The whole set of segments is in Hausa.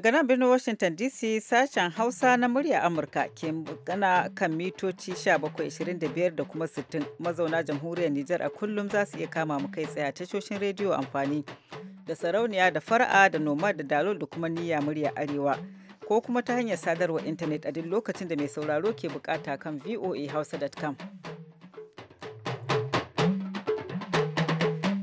Daga nan birnin Washington DC sashen Hausa na murya Amurka ke magana kan mitoci 1725 da kuma 60 mazauna jamhuriyar Nijar a kullum za su iya kama mu kai tsaye tashoshin rediyo amfani da sarauniya da fara'a da noma da dalol da kuma niyya murya arewa ko kuma ta hanyar sadarwa intanet a duk lokacin da mai sauraro ke bukata kan voahausa.com.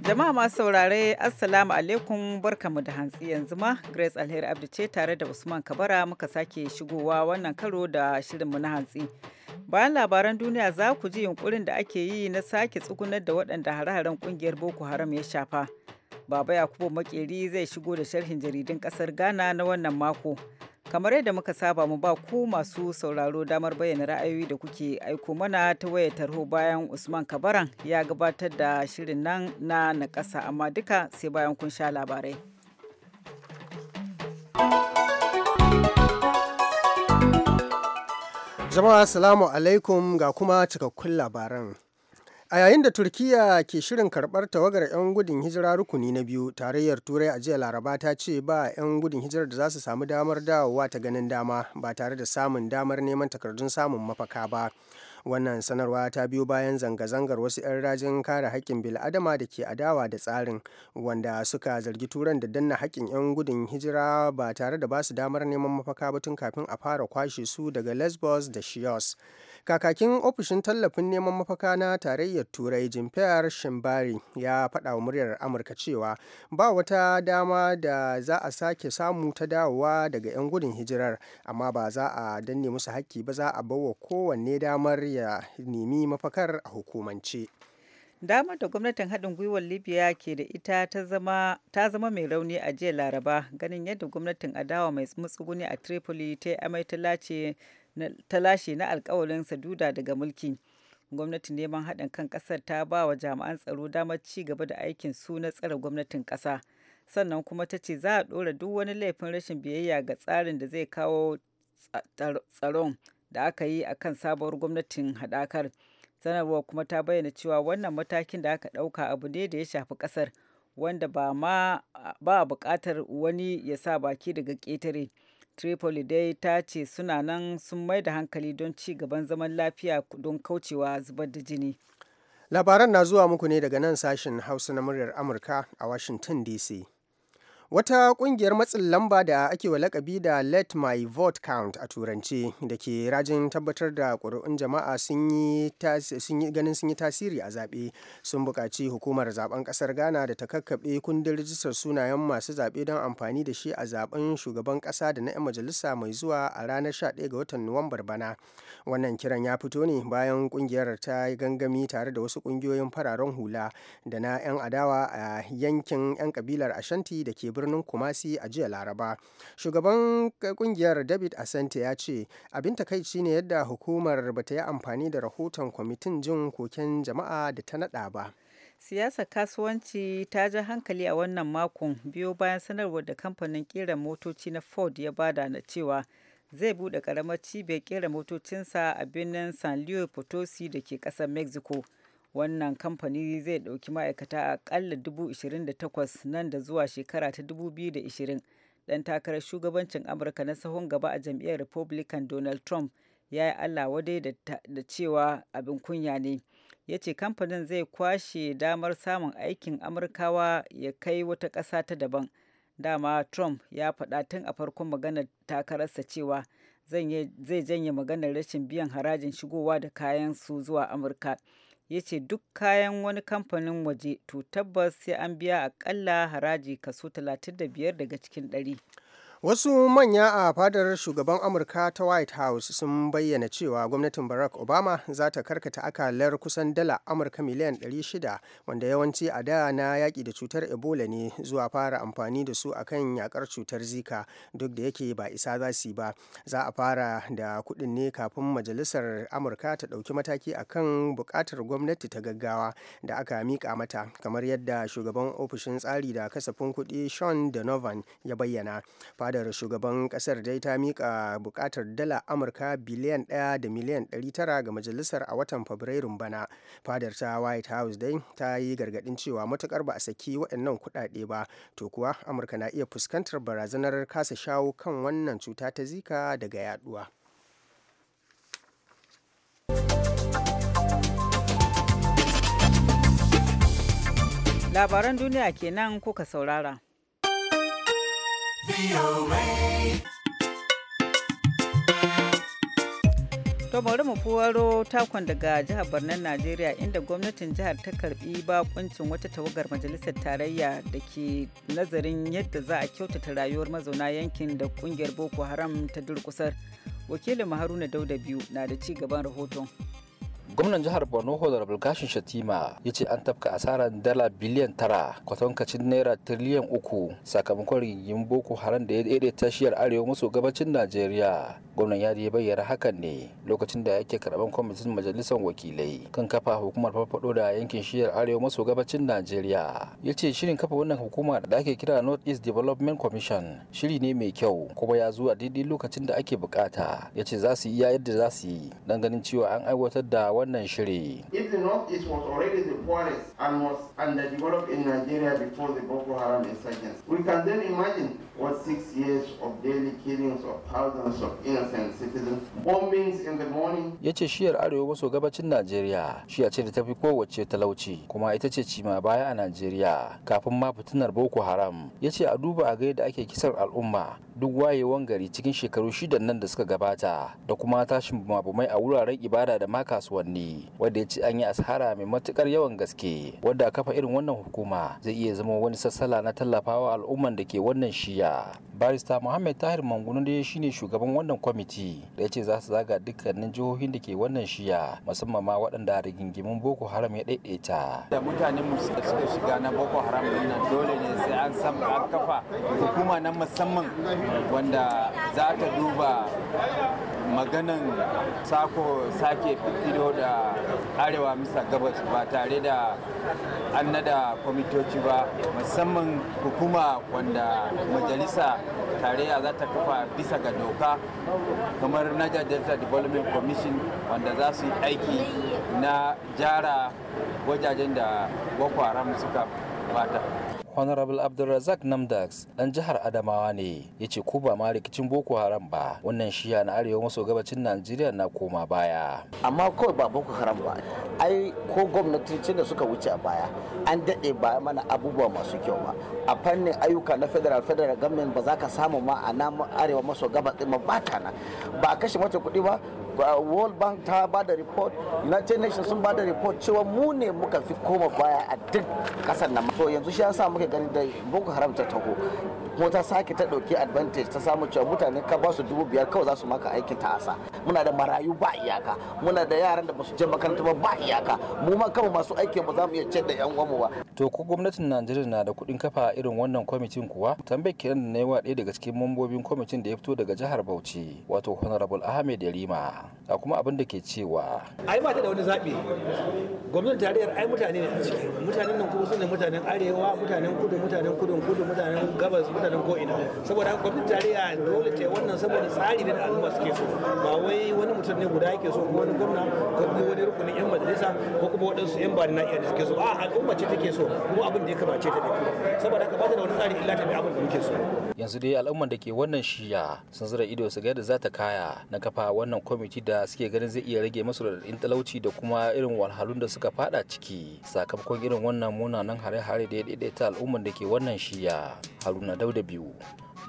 Jama'a masu saurare Assalamu alaikum barkamu da hantsi yanzu ma Grace Alheri Abdu ce tare da Usman Kabara muka sake shigowa wannan karo da shirinmu na hantsi. Bayan labaran duniya za ku ji yunkurin da ake yi na sake tsugunar da waɗanda hare-haren kungiyar Boko Haram ya shafa. Baba Yakubu Makeri zai shigo da sharhin jaridun ƙasar Ghana na wannan mako. kamar yadda muka saba mu ba ku masu sauraro damar bayyana ra'ayoyi da kuke aiko mana ta waya tarho bayan usman kabaran ya gabatar da shirin nan na nakasa amma duka sai bayan kun sha labarai jama'a salamu alaikum ga kuma cikakkun labaran A yayin da Turkiyya ke shirin karɓar tawagar 'yan gudun hijira rukuni na biyu, Tarayyar Turai a jiya Laraba ta ce ba 'yan gudun hijirar da za su samu damar dawowa ta ganin dama ba tare da samun damar neman takardun samun mafaka ba. Wannan sanarwa ta biyo bayan zanga-zangar wasu 'yan rajin kare haƙƙin bil'adama da ke adawa da tsarin wanda suka zargi turan da danna haƙƙin 'yan gudun hijira ba tare da ba su damar neman mafaka ba tun kafin a fara kwashe su daga Lesbos da shios. kakakin ofishin tallafin neman mafaka na tarayyar turai jimfiyar shimbari ya faɗa wa muryar amurka cewa ba wata dama da za a sake samu ta dawowa daga 'yan gudun hijirar amma ba za a danne musu haƙƙi ba za a bawa kowanne damar ya nemi mafakar a hukumance damar da gwamnatin haɗin gwiwar libya ke da ita ta zama mai rauni a jiya laraba ganin yadda gwamnatin adawa mai matsuguni a tripoli ta amai ta lace ta lashe na alkawarin duda daga mulki. Gwamnatin neman haɗin kan ƙasar ta ba wa jami'an tsaro damar ci gaba da aikin su na tsare gwamnatin ƙasa. Sannan kuma ta ce za a ɗora duk wani laifin rashin biyayya ga tsarin da zai kawo tsaron da aka yi a kan sabuwar gwamnatin haɗakar. Sanarwar kuma ta bayyana cewa wannan matakin da aka ɗauka abu ne da ya shafi ƙasar wanda ba ma buƙatar wani ya sa baki daga ƙetare. Tripoli dai ta ce suna nan sun mai da hankali don ci gaban zaman lafiya don kaucewa zubar da jini. Labaran na zuwa muku ne daga nan sashen Hausa na muryar Amurka a Washington DC. Wata kungiyar matsin lamba da ake wa lakabi da Let My Vote Count a turance da ke rajin tabbatar da ƙuri'un jama'a sun yi ganin sun yi tasiri a zaɓe sun buƙaci hukumar zaben ƙasar Ghana da ta kakkaɓe kundin rijistar sunayen masu zaɓe don amfani da shi a zaben shugaban ƙasa da na 'yan majalisa mai zuwa a ranar 11 ga watan Nuwambar bana. Wannan kiran ya fito ne bayan kungiyar ta yi gangami tare da wasu ƙungiyoyin fararen hula da na 'yan adawa a yankin 'yan kabilar Ashanti da ke birnin kumasi a jiya laraba shugaban kungiyar david asante ya ce abin takaici ne yadda hukumar bata yi amfani da rahoton kwamitin jin koken jama'a da ta nada ba siyasa kasuwanci ta ji hankali a wannan makon biyo bayan sanarwar da kamfanin kera motoci na ford ya bada na cewa zai bude karamar cibiyar kera motocinsa a birnin san luis potosi da ke kasar mexico wannan kamfani zai dauki ma'aikata a akalla 28 nan da zuwa shekara ta 2020 dan takarar shugabancin amurka na sahun gaba a jam'iyyar republican donald trump ya yi allah wadai da cewa abin kunya ne ya ce kamfanin zai kwashe damar samun aikin amurkawa ya kai wata ƙasa ta daban dama trump ya faɗa tun a farkon maganar takararsa cewa zai janye maganar rashin biyan harajin shigowa da kayan su zuwa amurka ya ce duk kayan wani kamfanin waje to tabbas sai an biya akalla haraji kaso 35 daga cikin 100. Wasu manya a fadar shugaban Amurka ta White House sun bayyana cewa gwamnatin Barack Obama za ta karkata akalar kusan dala Amurka miliyan 600 wanda yawanci a da na yaƙi da cutar Ebola ne zuwa fara amfani da su akan yakar cutar Zika duk da yake ba isa za su ba. Za a fara da kuɗin ne kafin majalisar Amurka ta ɗauki mataki akan buƙatar gwamnati ta gaggawa da aka miƙa mata kamar yadda shugaban ofishin tsari da kasafin kuɗi Sean Donovan ya bayyana. fadar shugaban kasar dai ta mika bukatar dala amurka biliyan 1 da miliyan 900 ga majalisar a watan fabrairun bana fadar ta white house dai ta yi gargadin cewa matukar ba a saki waɗannan kuɗaɗe ba to kuwa amurka na iya fuskantar barazanar kasa shawo kan wannan cuta ta zika daga yaduwa labaran duniya kenan kuka saurara To bari mu takon daga jihar Barnan Najeriya inda gwamnatin jihar ta karbi bakuncin wata tawagar majalisar tarayya da ke nazarin yadda za a kyautata rayuwar mazauna yankin da kungiyar Boko Haram ta durkusar. Wakilin Haruna Dauda biyu na da ci gaban rahoton. gwamnan jihar borno honorable gashin shatima ya ce an tafka asarar dala biliyan tara kwatankacin naira tiriliyan uku sakamakon rigin boko haram da ya daidai tashiyar arewa maso gabacin najeriya gwamnan ya bayyana hakan ne lokacin da yake karban kwamitin majalisar wakilai kan kafa hukumar farfado da yankin shiyar arewa maso gabacin najeriya ya ce shirin kafa wannan hukuma da ake kira north east development commission shiri ne mai kyau kuma ya zuwa a daidai lokacin da ake bukata ya ce za su yi yadda za su yi don ganin cewa an aiwatar da wannan shiri. If the North East was already the Haram we can then of daily killings of thousands Ya ce shiyar arewa maso gabacin Najeriya shiya ce da tafi kowace talauci kuma ita ce cima baya a Najeriya kafin ma fitinar Boko Haram. Ya ce a duba a ga ake kisar al'umma duk wayewan gari cikin shekaru shidan nan da suka gabata da kuma tashin bumabumai a wuraren ibada da ma kasuwanni. mali wanda ya ce an yi asara mai matukar yawan gaske wadda kafa irin wannan hukuma zai iya zama wani sassala na tallafawa al'umman da ke wannan shiya barista muhammad tahir mangunu da shine shugaban wannan kwamiti da ya ce za su zaga dukkanin jihohin da ke wannan shiya musamman ma waɗanda rigingimin boko haram ya daidaita da mutanen mu suka shiga na boko haram nan dole ne sai an san an kafa hukuma na musamman wanda za ta duba maganan sako sake fito da arewa misa gabas ba tare da an nada kwamitoci ba musamman hukuma wanda majalisa tarayya za ta kafa bisa ga doka kamar Niger Delta Development Commission wanda za su yi aiki na jara wajajen da Boko suka bata. honorable abdulrazak namdax ɗan jihar adamawa ne ya ce ku ba ma rikicin boko haram ba wannan shiya na arewa maso gabacin najeriya na koma baya amma kawai ba boko haram ba ai ko gwamnatocin da suka wuce a baya an daɗe ba mana abubuwa masu kyau ba a fannin ayyuka na federal federal government ba za ka samu ma a nan arewa maso gabas ɗin ba ta ba a kashe mata kuɗi ba world bank ta ba da report united nations sun ba da report cewa mu ne muka fi koma baya a duk kasar nan to yanzu shi yasa muka gani da boko haram ta taho kuma ta sake ta ɗauki advantage ta samu cewa mutane ka ba su dubu biyar kawai za su maka aikin ta'asa muna da marayu ba iyaka muna da yaran da basu je makaranta ba ba iyaka mu ma kama masu aikin ba za mu iya ce da yan uwanmu ba to ko gwamnatin Najeriya na da kuɗin kafa irin wannan kwamitin kuwa tambayar kiran da na yi wa ɗaya daga cikin mambobin kwamitin da ya fito daga jihar Bauchi wato Honorable Ahmed Yarima a kuma abin da ke cewa ai ba ta da wani zaɓi gwamnatin tarayyar ai mutane ne a ciki mutanen nan kuma su ne mutanen arewa mutanen kudu mutanen kudu kudu mutanen gabas mutanen ta nan ko ina saboda gwamnatin tarayya dole ce wannan saboda tsari da al'umma suke so ba wai wani mutum ne guda yake so ko wani gwamna ko kuma wani rukunin yan majalisa ko kuma waɗansu yan bani na iya da suke so a al'umma ce take so kuma abin da ya kamace ta take saboda ka ba da wani tsari illa ta bi abin da muke so yanzu dai al'umman da ke wannan shiya sun zura ido su ga yadda za ta kaya na kafa wannan kwamiti da suke ganin zai iya rage masu raɗaɗin talauci da kuma irin walhalun da suka fada ciki sakamakon irin wannan munanan hare-hare da ya daidaita al'umman da ke wannan shiya haruna dauda da biyu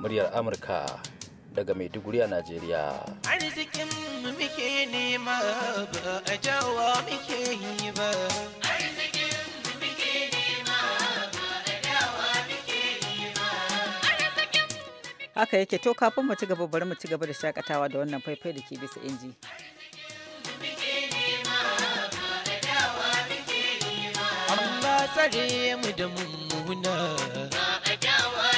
muryar amurka daga maiduguri a najeriya arzikin muke nema ba a haka yake to kafin mu ci gaba bari mu ci gaba da shakatawa da wannan faifai da ke bisa inji Allah tsare mu da mummuna ba a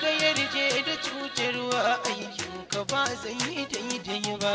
ka yarje da cutarwa aikin ka ba zai yi daidai ba.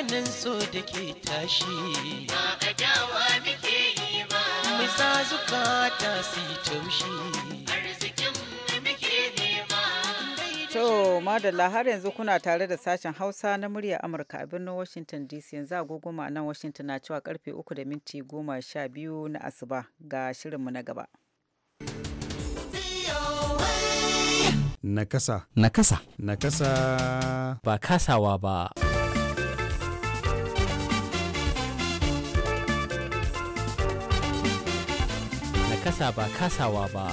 maganin so da ke tashi ba adawa muke yi ba mu zukata su taushi to madalla har yanzu kuna tare da sashen hausa na murya amurka a birnin washington dc yanzu agogo nan washington na cewa karfe 3 da minti 12 na asuba ga shirinmu na gaba Nakasa. Nakasa. Nakasa. Ba kasawa ba. カサバカサワバ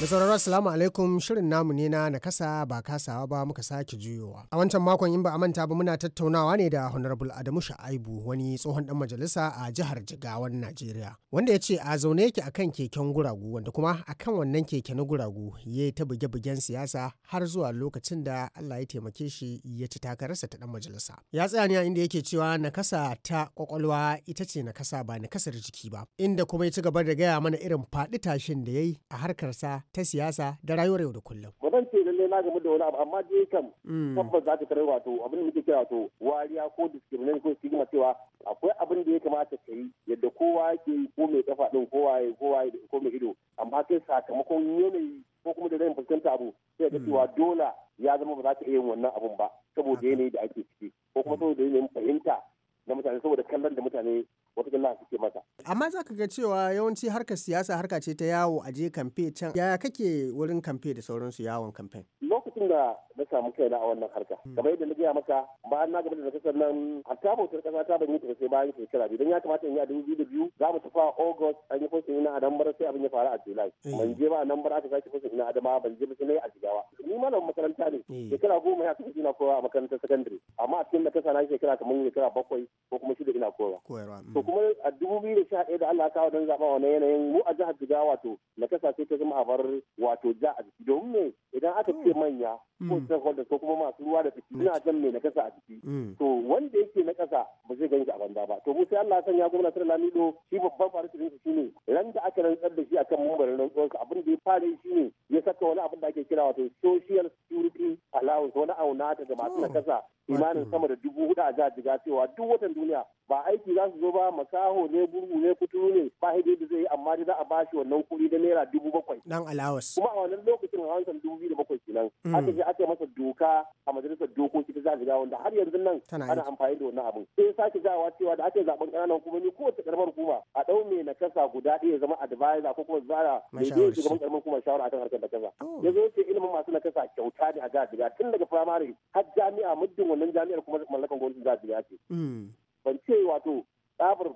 Da sauraro Assalamu alaikum shirin namu ne na nakasa ba kasawa ba muka sake juyowa. A wancan makon in ba a manta ba muna tattaunawa ne da Honorable Adamu Sha'aibu wani tsohon dan majalisa a jihar Jigawan Najeriya. Wanda ya ce a zaune yake akan keken guragu wanda kuma akan wannan keke na guragu ya ta buge-bugen siyasa har zuwa lokacin da Allah ya taimake shi ya ci takararsa ta dan majalisa. Ya tsaya ne a inda yake cewa nakasa ta kwakwalwa ita ce nakasa ba nakasar jiki ba. Inda kuma ya ci gaba da gaya mana irin faɗi tashin da ya yi a harkarsa ta siyasa da rayuwar yau da kullum. Ba zan ce lallai na game da wani abu amma dai kam mm. tabbas za ta tarar wato abin da muke kira wato wariya ko discrimination ko stigma cewa akwai abin da ya kamata ka yi yadda kowa yake yi ko mai kafa din kowa ya kowa ya ko mai ido amma kai sakamakon yanayi ko kuma da zan fuskanta abu sai ka mm. cewa dole ya zama ba za ka iya yin wannan abun ba saboda yanayi da ake ciki ko kuma mm. saboda yanayin fahimta na mutane saboda kallon da mutane wata suke masa. amma za ka ga cewa yawanci harkar siyasa harka ce ta yawo a je kamfe can yaya kake wurin kamfe da sauransu yawon kamfen lokacin da na samu na a wannan harka hmm. kamar yadda na gaya maka bayan na gaba da kasar nan hatta bautar kasa ta ban yi tafi sai bayan shekara biyu don ya kamata in yi a dubu biyu da biyu za mu tafi a august an yi kwasin ina a nan sai abin ya faru a july eh. ban je ba a nan aka sake kwasin ina adama ban je ba sai na yi a jigawa ni malamin makaranta ne eh. shekara goma ya kasance ina kowa a makarantar sakandare amma a cikin na kasa na shekara kamar shekara bakwai ko kuma shida ina kowa hmm. to kuma a dubu biyu da sha magana ɗaya da Allah ya kawo don zaɓa wani yanayin mu a jihar Jigawa wato na kasa sai ta zama a abar wato ja a jiki domin me idan aka ce manya hmm. ko stakeholders ko kuma masu ruwa da tsaki suna jan mai na kasa a jiki hmm. to wanda yake na kasa ba zai ganki a banza ba to mu sai Allah ya sanya gwamnati ta Lamido shi babban su shi ne ran da aka rantsar da shi akan ran rantsuwarsa abin da ya fara shi ne ya saka wani abin da ake kira wato social security allowance wani auna daga masu hmm. na kasa imanin sama da dubu hudu a jihar Jigawa cewa duk watan duniya ba aiki za su zo ba makaho ne gurgu ne kuturu ne ba da zai yi amma da za a bashi wannan kuri da naira dubu bakwai. Dan alawas. Kuma a wannan lokacin a wancan dubu biyu da bakwai kenan. Mm. Aka je aka masa doka a majalisar dokoki ta zagaga wanda har yanzu nan ana amfani da wannan abin. Sai sake jawa cewa da aka zaben ƙananan hukumomi kowace karamar hukuma a ɗau mai na kasa guda ɗaya zama advisor ko kuma zara mai zai shugaban ƙaramar hukuma shawara akan harkar da kasa. Oh. Ya zo ce ilimin masu na kasa kyauta ne a zagaga tun daga firamare har jami'a muddin wannan jami'ar kuma mallakan gwamnatin zagaga ce. Mm. Ban ce wato tsabar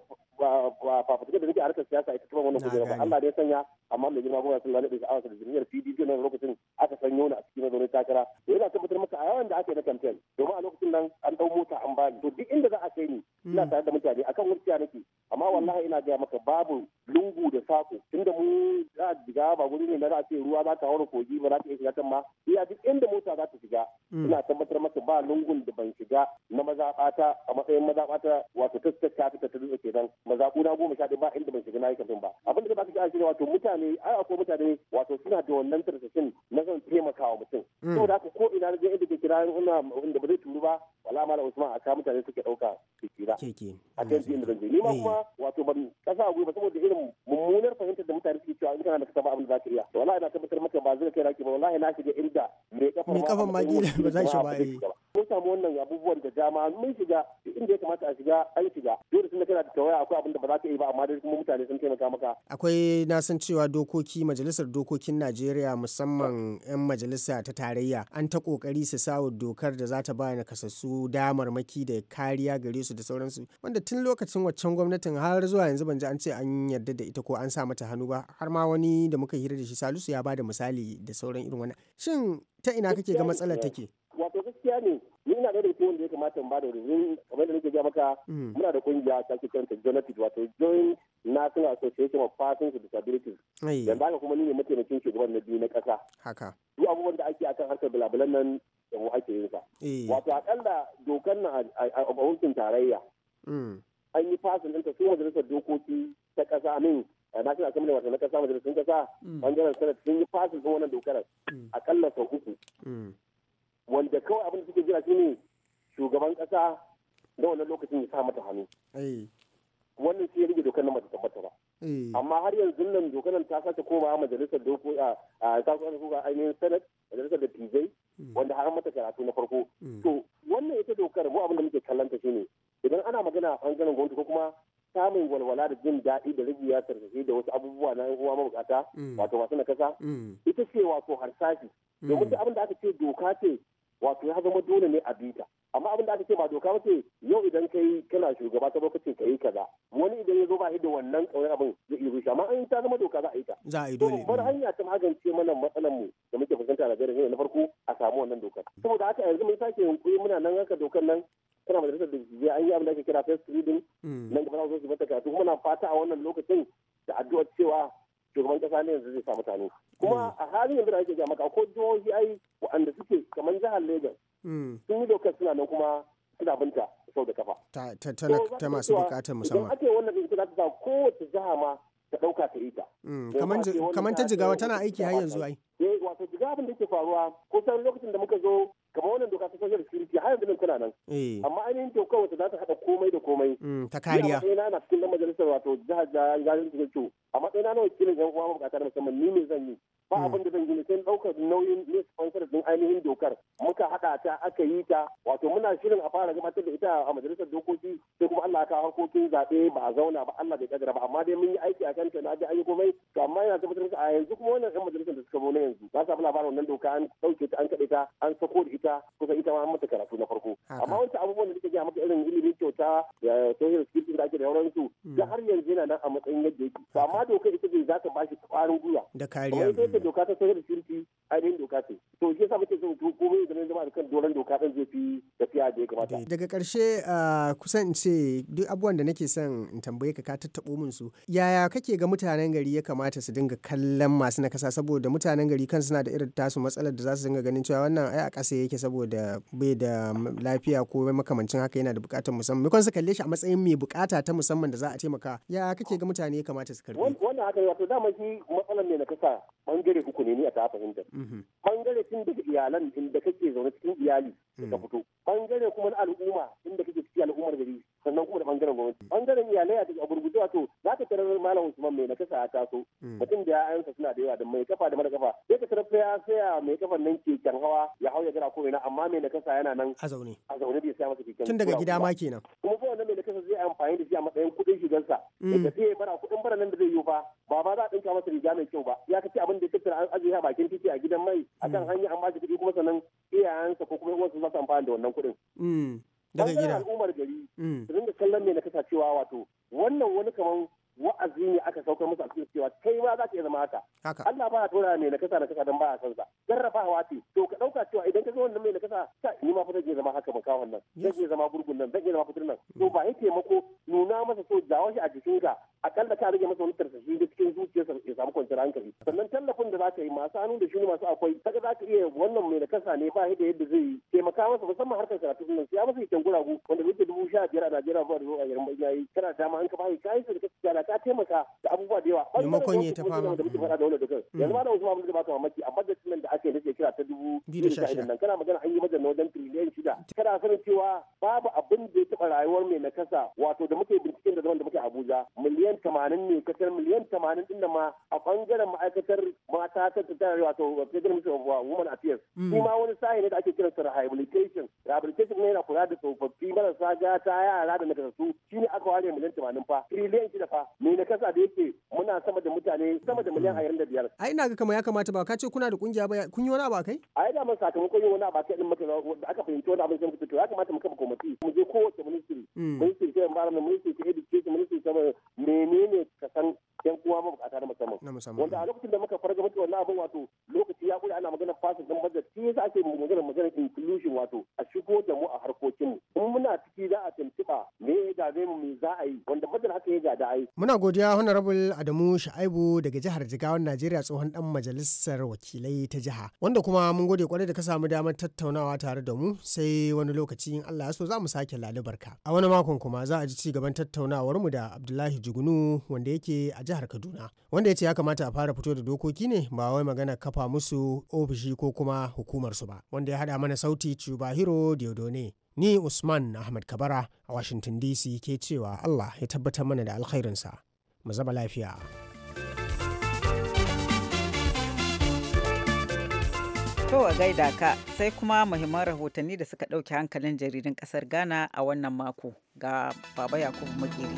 fafutukar da take harkar siyasa ita kuma wannan kujera ba Allah da sanya amma mai girma gwamnati sun da sha'awa da jami'ar PDP na lokacin aka sanyo ni a cikin mazaunin takara to yana tabbatar maka a yawan da aka yi na campaign domin a lokacin nan an dau mota an bani to duk inda za a kai ni ina hmm. tare da mutane akan wurciya nake amma wallahi ina gaya maka babu lungu da sako tunda mu za a diga ba guri ne na za a ce ruwa za ta haura kogi ba za ta iya shiga ma iya duk inda mota za ta shiga hmm. ina tabbatar maka ba lungun da ban shiga na mazaɓata a matsayin mazaɓata ta ta ta ta dutse kenan na goma sha ba inda ban shiga na yi kafin ba abin da ba ka ji shi wato mutane ai akwai mutane wato suna da wannan tarsashin na taimaka taimakawa mutum mm. saboda haka ko ina na je inda ke kira ina inda ba zai turu ba wala mala usman a ka mutane suke dauka kira a kan ji da zanje ni ma eh. kuma wato ban kasa gwiwa saboda irin mummunar fahimtar da mutane suke cewa in kana da kasa ba abin da zaka iya wallahi na tabbatar maka ba zai kai raki ba wallahi na shiga inda mai kafa mai kafa ma ba zai shiga ba ko eh. mun samu wannan abubuwan da dama mun shiga inda ya kamata a shiga an shiga dole sun da kana da tawaya akwai abin da ba za ka yi ba amma dai kuma mutane sun taimaka maka akwai na san cewa dokoki majalisar dokokin Najeriya musamman 'yan majalisa ta tarayya an ta kokari su sawo dokar da za ta bayyana kasassu damarmaki da kariya gare su da sauransu wanda tun lokacin waccan gwamnatin har zuwa yanzu ban ji an ce an yarda da ita ko an sa mata hannu ba har ma wani da muka hira da shi salisu ya bada misali da sauran irin wannan shin ta ina kake ga matsalar take wato gaskiya ne ni ina da wanda ya kamata in bada rizin kamar da nake ga maka hmm. muna da kungiya ta ke kanta jonatid wato join national association of persons with disabilities yanzu haka kuma ni ne mataimakin shugaban na biyu na kasa haka duk abubuwan da ake akan harkar bulabulan nan Eh. wato akalla dokan na a hukuncin tarayya mm. an yi fasin ɗinta su majalisar dokoki ta ƙasa min eh, national assembly wato na ƙasa majalisun ƙasa ɓangaren mm. senate sun yi fasin ɗin wannan dokar mm. akalla sau uku wanda kawai abin da suke jira shine shugaban ƙasa na wannan lokacin ya sa mata hannu eh. wannan sai ya rage dokar na ba ta ba amma har yanzu nan dokar ta sace koma majalisar dokoki a ta kuma ainihin senate majalisar da tijai Mm. wanda har mata karatu na farko mm. to wannan ita dokar mu abin da muke kallanta shine idan ana magana a bangaren gwamnati ko kuma samun walwala da jin daɗi da rage ya tarzaje da wasu abubuwa na yan uwa mabukata mm. wato masu kasa ita ce wato harsashi domin duk abin aka ce doka ce wato ya zama dole ne a bita amma abin da aka ce ba doka ba ce yau idan kai kana shugaba ta lokaci ka yi kaza wani idan ya zo ba da wannan kauyen abin zai iya rushe amma an ta zama doka za a yi ta za a yi dole bar hanya ta magance mana matsalan mu da muke fuskanta a Najeriya na farko samu wannan dokar saboda haka yanzu mun sake yunkuri muna nan haka dokar nan tana majalisar da an yi abin da ake kira first reading mm. nan gaba za su mata karatu muna fata a wannan lokacin da addu'ar cewa shugaban kasa ne yanzu zai sa mutane kuma mm. a halin yanzu da ake gaya maka ko jihohi ai waɗanda suke kamar jihar Lagos mm. sun yi dokar suna nan kuma suna binta sau da kafa ta masu bukatar musamman idan ake wannan din za ta sa kowace jiha ma ta ta kamar ta jigawa tana aiki har yanzu ai ga abin da yake faruwa kusan lokacin da muka zo kamar wannan doka ta social security har yanzu tana nan eh. amma ainihin dokar wata za ta haɗa komai da komai mm, ta kariya ni na cikin da majalisar wato jihar jihar ta ce a matsayina na wakilin yan uwa mabukata na musamman ni ne zan yi ba mm. abin da zan yi sai ɗaukar nauyin ne sponsor din ainihin dokar muka haɗa ta aka yi ta wato muna shirin a fara gabatar da ita a majalisar dokoki sai kuma Allah kawo harkokin zaɓe ba a zauna ba Allah bai kadara ba amma dai mun yi aiki a kanta na ji ayi komai to amma yana tabbatar a yanzu kuma wannan kamo na yanzu na sa labarin wannan doka an ɗauke ta an kaɗe ta an sako da ita kusan ita ma an mata karatu na farko amma wancan abubuwan da nake gaya maka irin ilimi kyauta da social skills da ake da sauransu hmm. da har yanzu yana nan a matsayin yadda yake to amma doka ita ce za ta ba shi kwarin gwiwa da kariya ba ta doka ta social security ainihin doka ce to shi yasa muke so ko bai zama da kan doron doka ɗin zai fi ya kamata. Eh, daga karshe ah, kusan ce duk abubuwan da nake son in tambaye ka ka tattaɓo min su. Yaya kake ga mutanen gari ya kamata su dinga kallon masu nakasa saboda mutanen gari kan suna da irin tasu matsalar da za su dinga ganin cewa wannan ai a ƙasa yake saboda bai da lafiya ko makamancin haka yana da buƙatar musamman. Mekon su kalle shi a matsayin mai buƙata ta musamman da za a taimaka. Yaya kake ga mutane ya kamata su karɓi? Wannan haka wato dama shi matsalar na kasa bangare uku ne ni a ta fahimta. Bangare mhm. tun daga iyalan inda kake zaune cikin iyali suka mm. fito bangare kuma na al'umma inda kake ciki al'ummar gari sannan kuma da bangaren gwamnati bangaren iyalai a cikin gurguje wato za ka tarar malam usman mai nakasa a taso mm. mutum da ya'yansa suna da yawa da mai kafa da mara kafa sai ka tarar ya saya mai kafan nan keken hawa ya hau ya gara ko ina amma mai nakasa yana nan a zaune a zaune bai saya masa keken tun daga gida ma kenan kuma ko wannan mai nakasa zai amfani da shi a matsayin kuɗin shigarsa da mm. sai ya bara kuɗin bara nan da zai yi fa ba ma za a ɗinka masa riga mai kyau ba ya kace abin da ya tattara an ajiye a bakin titi a gidan mai akan hanya an ba shi kuɗi kuma sannan iyayensa ko kuma wasu za su amfana da wannan kuɗin. Mm. Daga gida. al'ummar gari. Mm. Su dinga kallon mai na kasa cewa wato wannan wani kamar wa'azi ne aka saukar musu a cikin cewa kai ma za ka iya zama haka Allah ba ya tura mai na kasa don ba ya sansa. sa ce to ka ɗauka cewa idan ka zo wannan mai kasa ta ni ma fa zai zama haka kawon nan iya zama gurgun nan iya zama fitir nan mm. to ba yake mako nuna masa so jawo shi a jikinka akalla ka rage masa wani tarsashi da cikin zuciyarsa ya samu kwanciyar hankali sannan tallafin da za ka yi masu hannu da shuni masu akwai kaga za ka iya wannan mai nakasa ne ba da yadda zai yi taimaka masa musamman harkar karatu nan ya masa yi guragu wanda zai dubu sha biyar a Najeriya ba da zo a yarma yayi kana dama an ka ba yi kai sai da kasa ta taimaka da abubuwa da yawa maimakon ya ta fama da da mm. yanzu ma da wasu abin da ba su mamaki a budget nan da ake yi kira ta dubu biyu da sha nan kana magana an yi wajen na wajen triliyan shida kana sanin cewa babu abin da ya taɓa rayuwar mai nakasa wato da muke binciken da zaman da muke Abuja miliyan tamanin ne kasar miliyan tamanin din ma a ɓangaren ma'aikatar mata ta tattara wato Federal Ministry of uh, Women Affairs mm. shi ma wani sa'i ne da ake kiransa rehabilitation rehabilitation ne yana kula da tsofaffi marasa gata yara da nakasassu ne aka ware miliyan tamanin fa triliyan shida fa mai na kasa da yake muna sama da mutane sama da miliyan hmm. ayyar da biyar. ai ina ga kama ya kamata ba ka ce kuna da kungiya ba kun yi wani abu kai? ai da mun sakamakon yin wani abu kai din muka da aka fahimci wani abin sai fito ya kamata mu kafa komiti mu je kowace ministry hmm. ministry ta environment ministry ta education ministry ta menene ka san yan uwa bukata na musamman. wanda a lokacin da muka fara gaba wannan abin wato lokaci ya kure ana magana fasa dan budget shi yasa ake magana magana inclusion wato a shigo da mu a harkokin mu muna ciki za a yi wanda muna godiya honorable Adamu sha'aibu daga jihar Jigawar Najeriya tsohon dan majalisar wakilai ta jiha wanda kuma mun gode kwarai da ka samu damar tattaunawa tare da mu sai wani lokaci in Allah ya so za mu sake lalubarka a wani makon kuma za a ji ci gaban tattaunawar mu da Abdullahi Jugunu wanda yake a jihar Kaduna wanda ya ce ya kamata a fara fito da dokoki ne ba wai magana kafa musu ofishi ko kuma hukumar su ba wanda ya haɗa mana sauti Chubahiro Diodone Ni Usman Ahmad Kabara a Washington DC ke cewa Allah ya tabbatar mana da alkhairinsa. Mu zama lafiya. To a gaida ka sai kuma muhimman rahotanni da suka ɗauki hankalin jaridun ƙasar Ghana a wannan mako ga Baba Yakubu Makeri.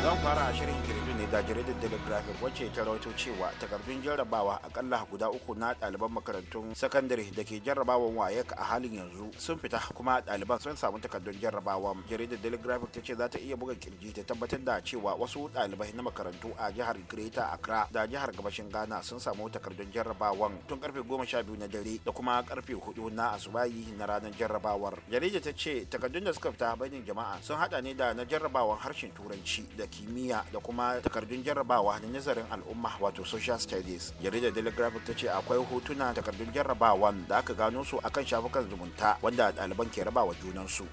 Zan fara shirin da jaridar telegraphic wace wacce ta rawaito cewa takardun jarrabawa akalla guda uku na ɗaliban makarantun sakandare da ke jarrabawan wayek a halin yanzu sun fita kuma ɗaliban sun samu takardun jarrabawa jaridar telegraphic ta ce za ta iya buga kirji ta tabbatar da cewa wasu ɗalibai na makarantu a jihar greater accra da jihar gabashin ghana sun samu takardun jarrabawan tun karfe goma sha biyu na dare da kuma karfe hudu na asubahi na ranar jarrabawar jaridar ta ce takardun da suka fita bainin jama'a sun hada ne da na jarrabawan harshen turanci da kimiyya da kuma takardun takardun jarrabawa na nazarin al'umma wato social studies jaridar telegraph ta ce akwai hotuna takardun jarrabawan da aka gano su akan shafukan zumunta wanda ɗaliban ke rabawa junansu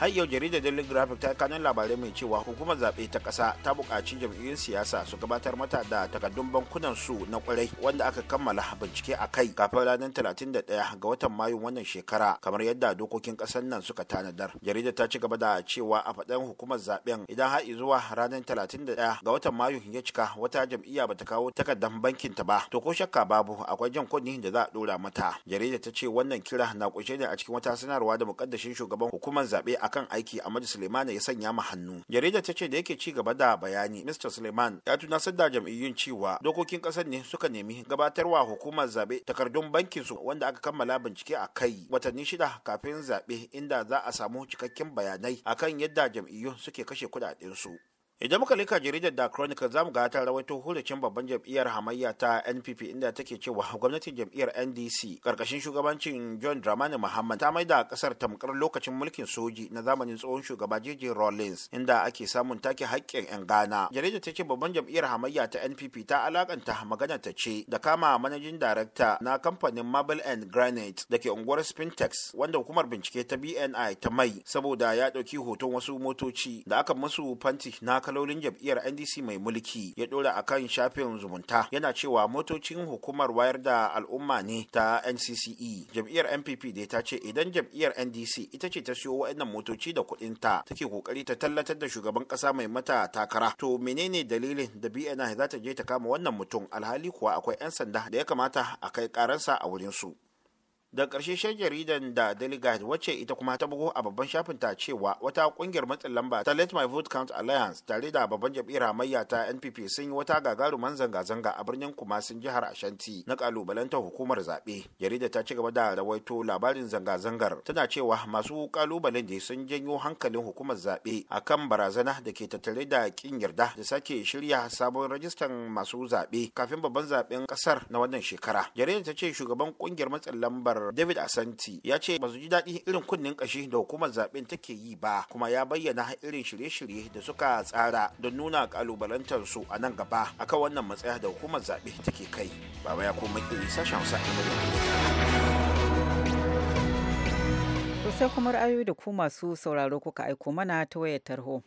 har yau jaridar daily graphic ta kanin labarai mai cewa hukumar zaɓe ta ƙasa ta buƙaci jam'iyyun siyasa su gabatar mata da takardun bankunan su na kwarai wanda aka kammala bincike a kai kafin ranar 31 ga watan mayu wannan shekara kamar yadda dokokin ƙasar nan suka tanadar jaridar ta ci gaba da cewa a faɗin hukumar zaɓen idan har zuwa ranar 31 ga watan mayu ya cika wata jam'iyya bata kawo takardar bankin ta ba to ko shakka babu akwai jan kuɗi da za a ɗora mata jaridar ta ce wannan kira na ƙunshe ne a cikin wata sanarwa da muƙaddashin shugaban hukumar zaɓe a akan aiki Ahmad Suleiman ya sanya ma hannu. Jarida ta ce da yake ci gaba da bayani Mr. Suleiman ya tunasar da jam'iyyun cewa dokokin kasar ne suka nemi gabatarwa hukumar zabe takardun bankin su wanda aka kammala bincike a kai watanni shida kafin zabe inda za a samu cikakken bayanai akan yadda jam'iyyun suke kashe kudaden su. idan muka lika jaridar da chronicle zamu ga ta rawaito hulicin babban jam'iyyar hamayya ta npp inda take cewa gwamnatin jam'iyyar ndc karkashin shugabancin john dramani muhammad ta maida kasar tamkar lokacin mulkin soji na zamanin tsohon shugaba jj rawlins inda ake samun take haƙƙin yan ghana jaridar ta ce babban jam'iyyar hamayya ta npp ta alakanta magana ta ce da kama manajin darakta na kamfanin marble and granite da ke unguwar spintex wanda hukumar bincike ta bni ta mai saboda ya ɗauki hoton wasu motoci da aka musu fanti na makalolin jam'iyyar ndc mai mulki ya dora a kan shafin zumunta yana cewa motocin hukumar wayar da al'umma ne ta ncce jam'iyyar npp da ta ce idan jam'iyyar ndc ita ce ta siyo wa'annan motoci da kuɗin ta take kokari ta tallatar da shugaban ƙasa mai mata takara to menene dalilin da bni za ta je ta kama wannan mutum alhali kuwa akwai 'yan sanda da ya kamata a kai karansa a wurin su da ƙarshe shan jaridan da delegate wacce ita kuma ta bugo a babban shafin ta cewa wata ƙungiyar matsin lamba ta let my vote count alliance tare da babban jam'iyyar hamayya ta npp sun yi wata gagaruman zanga-zanga a birnin kumasin jihar ashanti na kalubalantar hukumar zaɓe jarida ta ci gaba da rawaito labarin zanga-zangar tana cewa masu kalubalen da sun janyo hankalin hukumar zaɓe akan barazana da ke tattare da ƙin yarda da sake shirya sabon rajistan masu zaɓe kafin babban zaɓen ƙasar na wannan shekara jarida ta ce shugaban ƙungiyar matsin lambar jihar david asanti ya ce ba su ji daɗi irin kunnen kashi da hukumar zaben take yi ba kuma ya bayyana irin shirye-shirye da suka tsara don nuna ƙalubalantar su a nan gaba akan wannan matsaya da hukumar zaɓe take kai baba ya kuma iri sashen sa to sai kuma ra'ayoyi da ku masu sauraro kuka aiko mana ta wayar tarho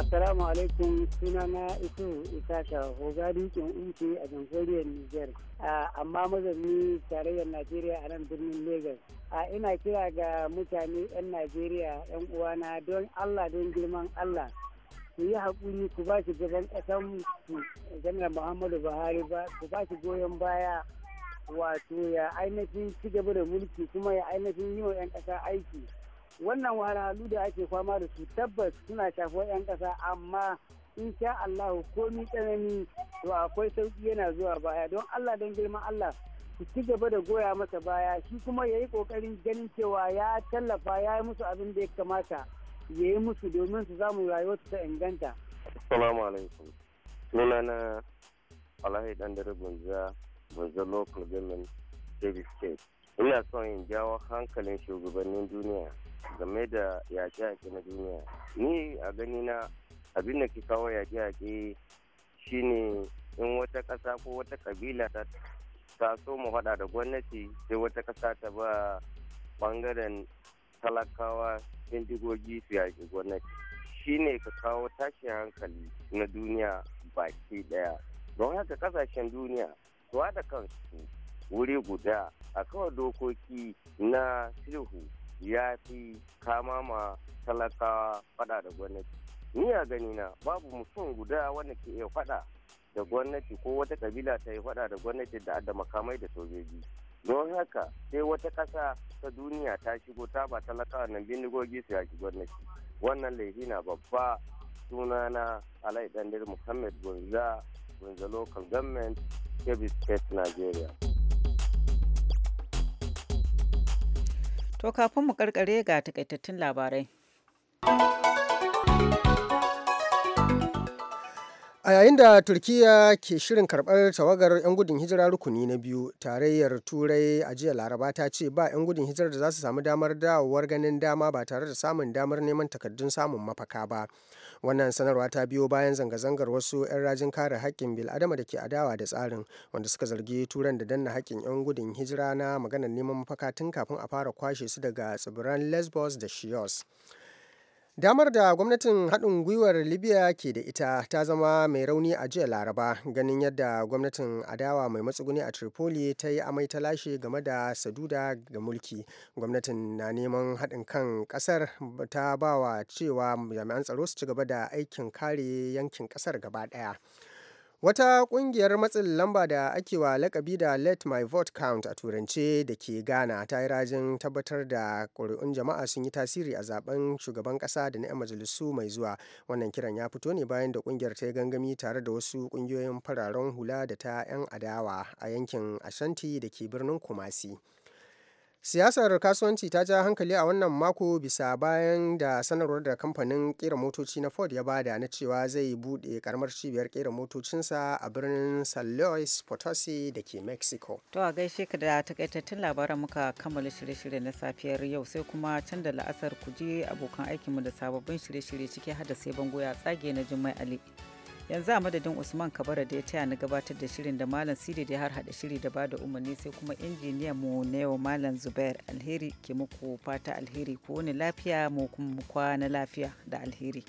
Assalamu alaikum sunana Isu Isaka Hoga Dukin Uke a jamhuriyar Nijar. Amma mazanni tarayyar Najeriya a nan birnin Legas. Ina kira ga mutane 'yan Najeriya 'yan uwana don Allah don girman Allah. Ku yi haƙuri ku ba shi gaban ƙasan Janar Muhammadu Buhari ba ku ba shi goyon baya wato ya ainihin ci gaba da mulki kuma ya ainihin yi wa 'yan ƙasa aiki. wannan wahalhalu da ake fama da su tabbas suna shafuwar 'yan ƙasa amma in sha Allah komi tsanani to akwai sauki yana zuwa baya don Allah don girman Allah su ci gaba da goya masa baya shi kuma ya yi ƙoƙarin ganin cewa ya tallafa ya yi musu abin da ya kamata ya yi musu domin su zamu rayuwarsu ta inganta. Assalamu alaikum. na Alhaji Dandare Bunza, Bunza Local Government, Davis State. ina son in jawo hankalin shugabannin duniya game da yaƙe-yaƙe na duniya ni a gani na abin da ke kawo yaƙe-yaƙe shine in wata ƙasa ko wata ƙabila ta taso mu faɗa da gwamnati sai wata ƙasa ta ba ɓangaren talakawa bindigogi su yaƙi gwamnati shine ka kawo tashin hankali na duniya baki ɗaya don haka ƙasashen duniya suwa da kansu wuri guda a kawai dokoki na sulhu ya fi kama ma talakawa fada da gwamnati ni a na babu mutum guda wanda ke iya fada da gwamnati ko wata kabila ta yi fada da gwamnati da da makamai da sojoji don haka sai wata ƙasa ta duniya ta shigo ta ba talakawa nan bindigogi su yaki gwamnati wannan laifi na babba sunana alai dandir muhammad gonza gonza local government service state nigeria To kafin mu karkare ga takaitattun labarai. A yayin da Turkiyya ke shirin karɓar tawagar 'yan gudun hijira rukuni na biyu, tarayyar Turai a jiya Laraba ta ce ba 'yan gudun hijirar da za su samu damar dawowar ganin dama ba tare da samun damar neman takardun samun mafaka ba. wannan sanarwa ta biyo bayan zanga-zangar wasu 'yan rajin kare haƙƙin bil'adama da ke adawa da tsarin wanda suka zargi turan da danna haƙƙin 'yan gudun hijira na maganar neman mafaka tun kafin a fara kwashe su daga tsibiran lesbos da shios Damar da gwamnatin haɗin gwiwar Libya ke da ita ta zama mai rauni a jiya Laraba ganin yadda gwamnatin adawa mai matsuguni a Tripoli ta yi amai ta lashe game da saduda ga mulki. Gwamnatin na neman haɗin kan ƙasar ta bawa cewa jami'an tsaro su ci gaba da aikin kare yankin ƙasar gaba ɗaya. Wata ƙungiyar matsin lamba da ake wa lakabi da Let My Vote Count a Turance da ke Ghana ta yi rajin tabbatar da ƙuri'un jama'a sun yi tasiri a zaben shugaban ƙasa da na 'yan majalisu mai zuwa. Wannan kiran ya fito ne bayan da ƙungiyar ta yi gangami tare da wasu ƙungiyoyin fararen hula da ta 'yan adawa a yankin Ashanti da ke birnin Kumasi. Siyasar kasuwanci ta ja hankali a wannan mako bisa bayan da sanarwar da kamfanin kera motoci na Ford ya bada na cewa zai bude karamar cibiyar kera motocinsa a birnin San Luis Potosi da ke Mexico. To a gaishe ka da takaitattun labaran muka kammala shirye-shirye na safiyar yau sai kuma can da la'asar ku je abokan aikinmu da sababbin shirye-shirye ciki hada sai bango ya tsage na jima'i Ali. yanzu a madadin usman kabara da ya taya na gabatar da shirin da malam sidi da har hada shiri da bada umarni sai kuma injiniya mu na yau malam zubair alheri ke muku fata alheri ko wani lafiya mu kuma kwana lafiya da alheri